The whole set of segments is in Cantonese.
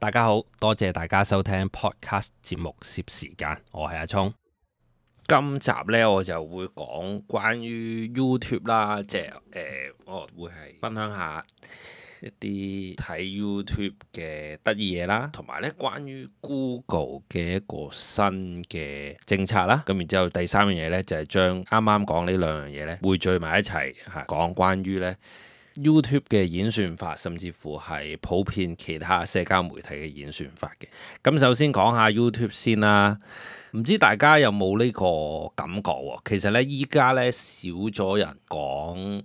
大家好，多謝大家收聽 Podcast 節目攝時間，我係阿聰。今集呢，我就會講關於 YouTube 啦，即係，呃，我會係分享一下一啲睇 YouTube 嘅得意嘢啦，同埋呢，關於 Google 嘅一個新嘅政策啦。咁然之後第三樣嘢呢，就係將啱啱講呢兩樣嘢呢，匯聚埋一齊，係講關於呢。YouTube 嘅演算法，甚至乎係普遍其他社交媒體嘅演算法嘅。咁首先講下 YouTube 先啦，唔知大家有冇呢個感覺？其實呢，依家呢少咗人講，誒、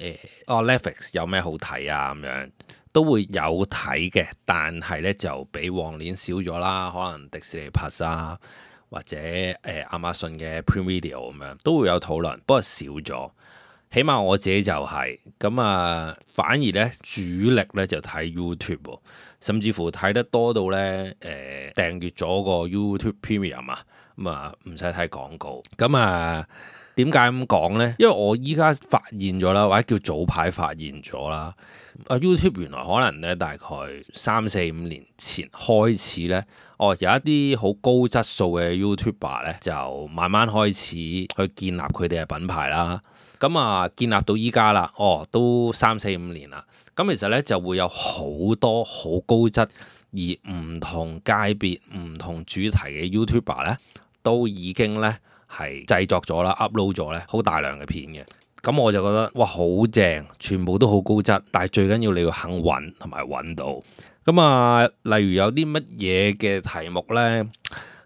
哎，哦 Netflix 有咩好睇啊咁樣，都會有睇嘅，但係呢就比往年少咗啦。可能迪士尼 Plus、啊，或者誒亞馬遜嘅 Prime Video 咁樣，都會有討論，不過少咗。起碼我自己就係、是、咁啊，反而咧主力咧就睇 YouTube，甚至乎睇得多到咧誒訂閲咗個 YouTube Premium 啊，咁啊唔使睇廣告，咁啊。點解咁講呢？因為我依家發現咗啦，或者叫早排發現咗啦。啊 YouTube 原來可能咧，大概三四五年前開始呢，哦有一啲好高質素嘅 YouTuber 呢，就慢慢開始去建立佢哋嘅品牌啦。咁、嗯、啊，建立到依家啦，哦都三四五年啦。咁、嗯、其實呢，就會有好多好高質而唔同界別、唔同主題嘅 YouTuber 呢，都已經呢。係製作咗啦，upload 咗咧，好大量嘅片嘅。咁我就覺得哇，好正，全部都好高質。但係最緊要你要肯揾，同埋揾到。咁啊，例如有啲乜嘢嘅題目咧，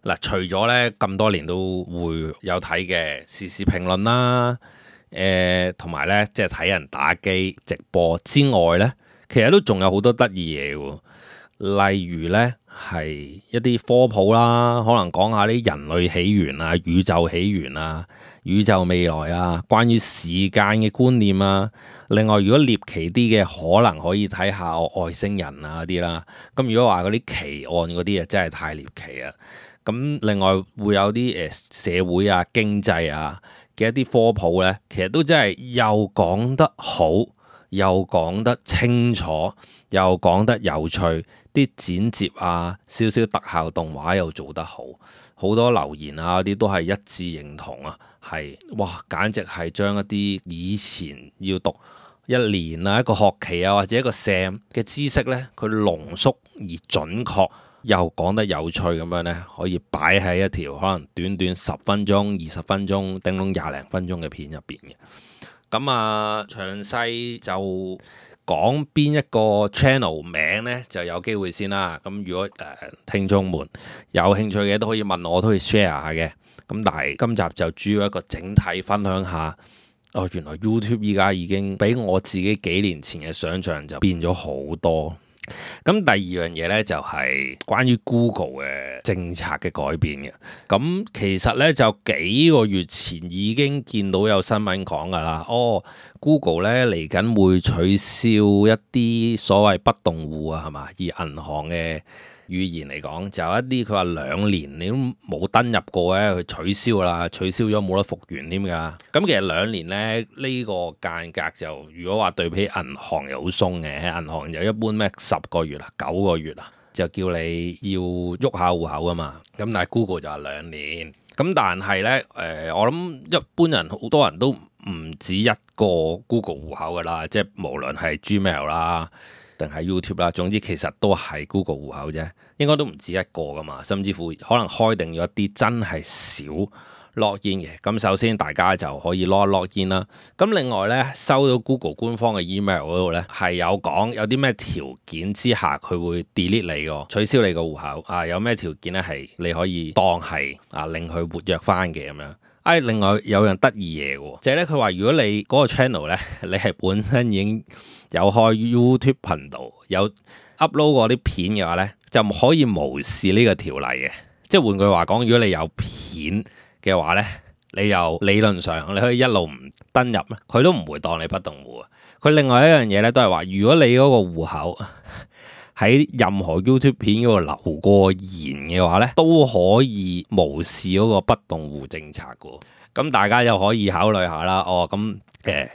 嗱、啊，除咗咧咁多年都會有睇嘅時事評論啦，誒、呃，同埋咧即係睇人打機直播之外咧，其實都仲有好多得意嘢喎。例如咧。係一啲科普啦，可能講下啲人類起源啊、宇宙起源啊、宇宙未來啊，關於時間嘅觀念啊。另外，如果獵奇啲嘅，可能可以睇下外星人啊啲啦。咁如果話嗰啲奇案嗰啲啊，真係太獵奇啊。咁另外會有啲誒社會啊、經濟啊嘅一啲科普呢，其實都真係又講得好，又講得清楚，又講得有趣。啲剪接啊，少少特效動畫又做得好，好多留言啊啲都係一致認同啊，係哇，簡直係將一啲以前要讀一年啊一個學期啊或者一個 sem 嘅知識呢，佢濃縮而準確又講得有趣咁樣呢，可以擺喺一條可能短短十分鐘、二十分鐘、頂籠廿零分鐘嘅片入邊嘅。咁啊，詳細就。講邊一個 channel 名呢，就有機會先啦。咁如果誒、呃、聽眾們有興趣嘅，都可以問我，都可以 share 下嘅。咁但係今集就主要一個整體分享下。哦，原來 YouTube 依家已經比我自己幾年前嘅想像就變咗好多。咁第二樣嘢呢，就係關於 Google 嘅政策嘅改變嘅，咁其實呢，就幾個月前已經見到有新聞講㗎喇，哦，Google 呢嚟緊會取消一啲所謂不動戶啊，係嘛，而銀行嘅。語言嚟講就有一啲佢話兩年你都冇登入過咧，佢取消啦，取消咗冇得復原添㗎。咁其實兩年咧呢、呢個間隔就如果話對比銀行又好鬆嘅，銀行就一般咩十個月啦、九個月啦，就叫你要喐下戶口啊嘛。咁但係 Google 就係兩年。咁但係咧誒，我諗一般人好多人都唔止一個 Google 戶口㗎啦，即係無論係 Gmail 啦。定係 YouTube 啦，you Tube，總之其實都係 Google 戶口啫，應該都唔止一個㗎嘛，甚至乎可能開定咗一啲真係少 Log In 嘅。咁首先大家就可以 Log 一 Log In 啦。咁另外咧，收到 Google 官方嘅 email 嗰度咧，係有講有啲咩條件之下佢會 delete 你個取消你個戶口啊？有咩條件咧？係你可以當係啊，令佢活躍翻嘅咁樣。哎，另外有人得意嘢喎，就係咧，佢話，如果你嗰個 channel 咧，你係本身已經有開 YouTube 頻道，有 upload 過啲片嘅話咧，就唔可以無視呢個條例嘅。即係換句話講，如果你有片嘅話咧，你又理論上你可以一路唔登入，佢都唔會當你不動戶。佢另外一樣嘢咧，都係話如果你嗰個戶口。喺任何 YouTube 片嗰度留過言嘅話呢，都可以無視嗰個不動戶政策嘅。咁大家又可以考慮下啦。哦，咁誒、呃、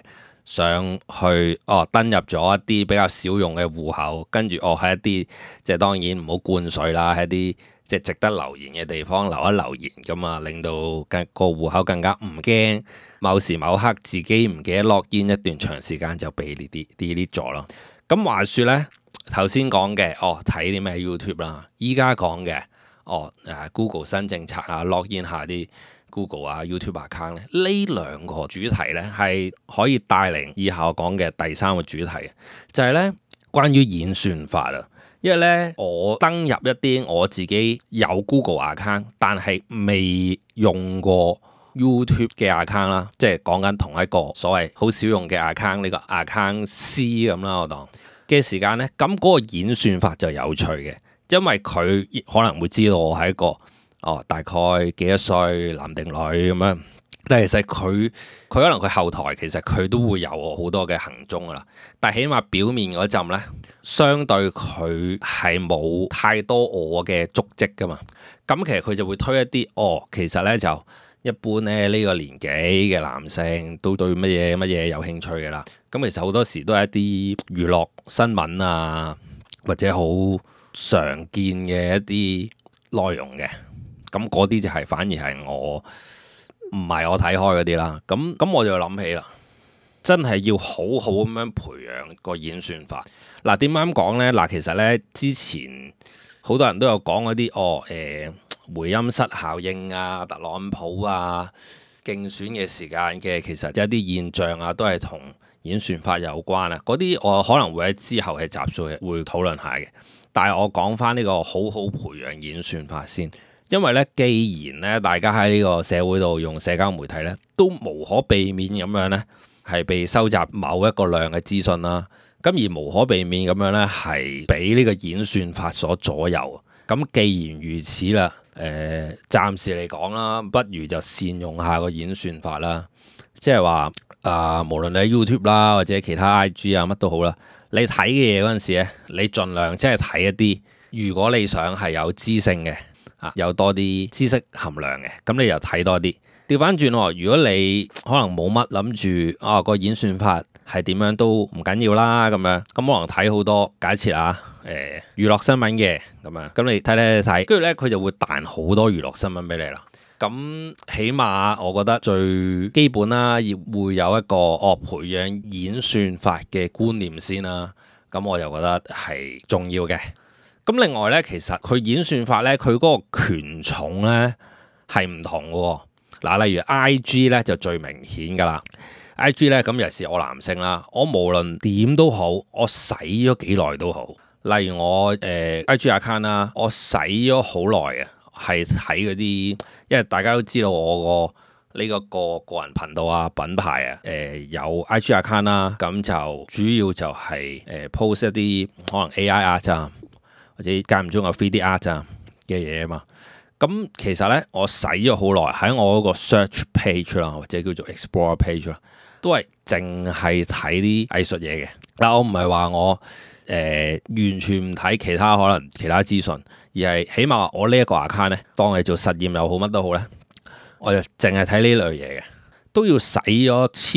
上去哦登入咗一啲比較少用嘅戶口，跟住我喺一啲即係當然唔好灌水啦，喺啲即係值得留言嘅地方留一留言咁啊，令到個戶口更加唔驚某時某刻自己唔記得落煙一段長時間就俾呢啲啲啲咗咯。咁 話説呢，頭先講嘅，哦，睇啲咩 YouTube 啦。依家講嘅，哦，誒 Google 新政策啊，login 下啲 Google 啊 YouTube account 咧。呢兩個主題咧，係可以帶嚟以下我講嘅第三個主題，就係、是、咧關於演算法啊。因為咧，我登入一啲我自己有 Google account，但係未用過 YouTube 嘅 account 啦，即係講緊同一個所謂好少用嘅 account，呢個 account C 咁啦，我當。嘅時間呢，咁嗰個演算法就有趣嘅，因為佢可能會知道我係一個哦大概幾多歲男定女咁樣，但係其實佢佢可能佢後台其實佢都會有我好多嘅行蹤㗎喇，但係起碼表面嗰陣呢，相對佢係冇太多我嘅足跡㗎嘛，咁其實佢就會推一啲哦，其實呢就。一般咧呢個年紀嘅男性都對乜嘢乜嘢有興趣嘅啦，咁其實好多時都係一啲娛樂新聞啊，或者好常見嘅一啲內容嘅，咁嗰啲就係反而係我唔係我睇開嗰啲啦。咁咁我就諗起啦，真係要好好咁樣培養個演算法。嗱點解咁講咧？嗱其實呢，之前好多人都有講嗰啲哦誒。誒回音室效應啊，特朗普啊，競選嘅時間嘅其實一啲現象啊，都係同演算法有關啊。嗰啲我可能會喺之後嘅集數會討論下嘅。但係我講翻呢個好好培養演算法先，因為呢，既然呢大家喺呢個社會度用社交媒體呢，都無可避免咁樣呢係被收集某一個量嘅資訊啦。咁而無可避免咁樣呢係俾呢個演算法所左右。咁既然如此啦。誒，暫時嚟講啦，不如就善用下個演算法啦，即係話誒，無論你喺 YouTube 啦，或者其他 IG 啊，乜都好啦，你睇嘅嘢嗰陣時咧，你盡量即係睇一啲，如果你想係有知性嘅啊，有多啲知識含量嘅，咁你又睇多啲。調翻轉哦，如果你可能冇乜諗住啊，個演算法係點樣都唔緊要啦，咁樣咁可能睇好多假設啊，誒娛樂新聞嘅咁樣，咁你睇睇睇，跟住咧佢就會彈好多娛樂新聞俾你啦。咁起碼我覺得最基本啦，要會有一個哦培養演算法嘅觀念先啦。咁我就覺得係重要嘅。咁另外咧，其實佢演算法咧，佢嗰個權重咧係唔同嘅。嗱，例如 I G 咧就最明顯㗎啦，I G 咧咁又係我男性啦，我無論點都好，我使咗幾耐都好。例如我誒、呃、I G account 啦、啊，我使咗好耐嘅，係睇嗰啲，因為大家都知道我個呢、這個個個人頻道啊、品牌啊，誒、呃、有 I G account 啦、啊，咁就主要就係、是、誒、呃、post 一啲可能 A I art 啊，或者間唔中有 3D art 啊嘅嘢啊嘛。咁其實咧，我使咗好耐喺我嗰個 search page 啦，或者叫做 explore page 啦，都係淨係睇啲藝術嘢嘅。但我唔係話我誒、呃、完全唔睇其他可能其他資訊，而係起碼我呢一個 account 咧，當係做實驗又好，乜都好咧，我就淨係睇呢類嘢嘅。都要使咗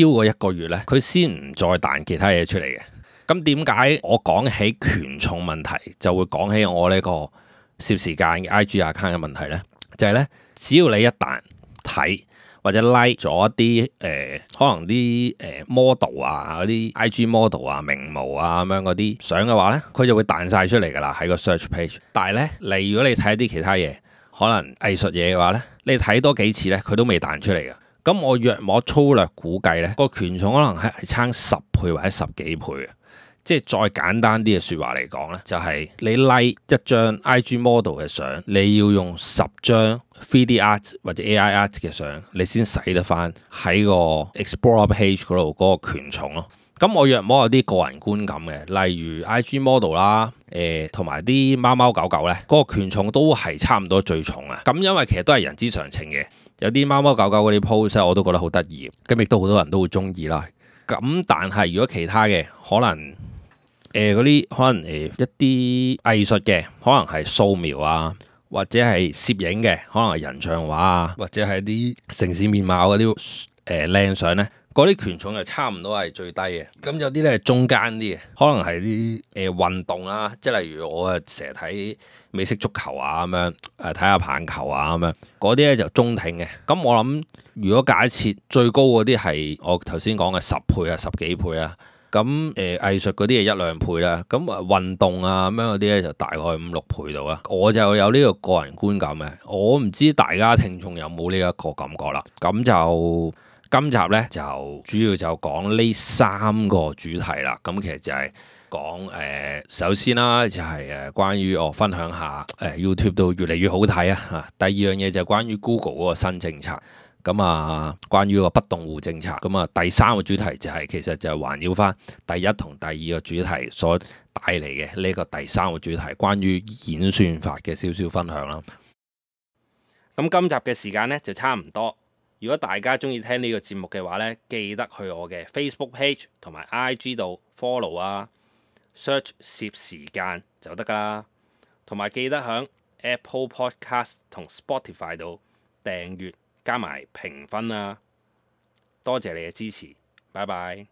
超過一個月咧，佢先唔再彈其他嘢出嚟嘅。咁點解我講起權重問題，就會講起我呢、呢個蝕時間嘅 IG account 嘅問題咧，就係咧，只要你一彈睇或者 like 咗一啲誒、呃，可能啲誒 model 啊，嗰啲 IG model 啊，名模啊咁樣嗰啲相嘅話咧，佢就會彈晒出嚟㗎啦，喺個 search page。但係咧，嚟如果你睇一啲其他嘢，可能藝術嘢嘅話咧，你睇多幾次咧，佢都未彈出嚟嘅。咁我約莫粗略估計咧，個權重可能係係差十倍或者十幾倍嘅。即係再簡單啲嘅説話嚟講呢，就係、是、你 like 一張 IG model 嘅相，你要用十張 3D art 或者 AI art 嘅相，你先使得翻喺個 Explore Page 嗰度嗰個權重咯。咁我若摸有啲個人觀感嘅，例如 IG model 啦，誒同埋啲貓貓狗狗呢，嗰、那個權重都係差唔多最重啊。咁因為其實都係人之常情嘅，有啲貓貓狗狗嗰啲 pose 我都覺得好得意，咁亦都好多人都會中意啦。咁但係如果其他嘅可能，誒嗰啲可能誒一啲藝術嘅，可能係素描啊，或者係攝影嘅，可能係人像畫啊，或者係啲城市面貌嗰啲誒靚相咧，嗰啲權重就差唔多係最低嘅。咁有啲咧中間啲嘅，可能係啲誒運動啊，即係例如我啊成日睇美式足球啊咁樣，誒睇下棒球啊咁樣，嗰啲咧就中挺嘅。咁我諗如果假設最高嗰啲係我頭先講嘅十倍啊，十幾倍啊。咁誒、呃、藝術嗰啲係一兩倍啦，咁運動啊咁樣嗰啲咧就大概五六倍度啦。我就有呢個個人觀感嘅，我唔知大家聽眾有冇呢一個感覺啦。咁就今集咧就主要就講呢三個主題啦。咁其實就係講誒、呃，首先啦、啊、就係、是、誒關於我分享下誒、呃、YouTube 度越嚟越好睇啊嚇。第二樣嘢就係關於 Google 嗰個新政策。咁啊，關於個不動戶政策咁啊，第三個主題就係、是、其實就係環繞翻第一同第二個主題所帶嚟嘅呢個第三個主題，關於演算法嘅少少分享啦。咁今集嘅時間呢，就差唔多。如果大家中意聽呢個節目嘅話呢，記得去我嘅 Facebook page 同埋 IG 度 follow 啊，search 攝時間就得噶啦。同埋記得響 Apple Podcast 同 Spotify 度訂閱。加埋評分啦，多謝你嘅支持，拜拜。